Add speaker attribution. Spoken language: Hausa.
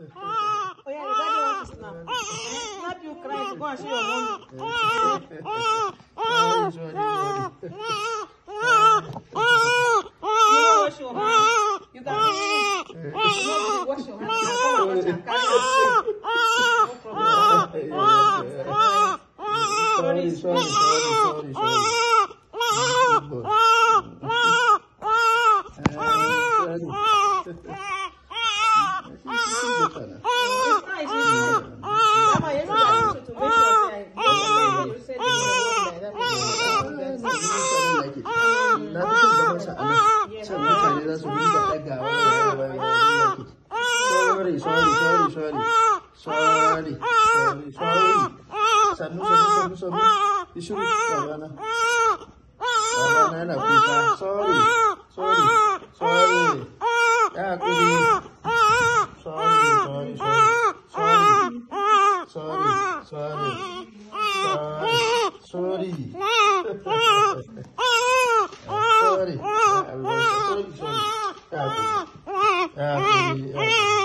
Speaker 1: Sorry, sorry, sorry, sorry. 있잖아. Na fi son zaman sa ana can mutane za su rinka ɗagawa waye waye waye sorry sorry sorry sorry sorry sorry sorry sannu sannu sannu sannu ki shiru babana babana yana kuka sorry sorry Sorry. Sorry. Sorry. Sorry. Sorry. Sorry. Sorry. Sorry. Sorry. Sorry.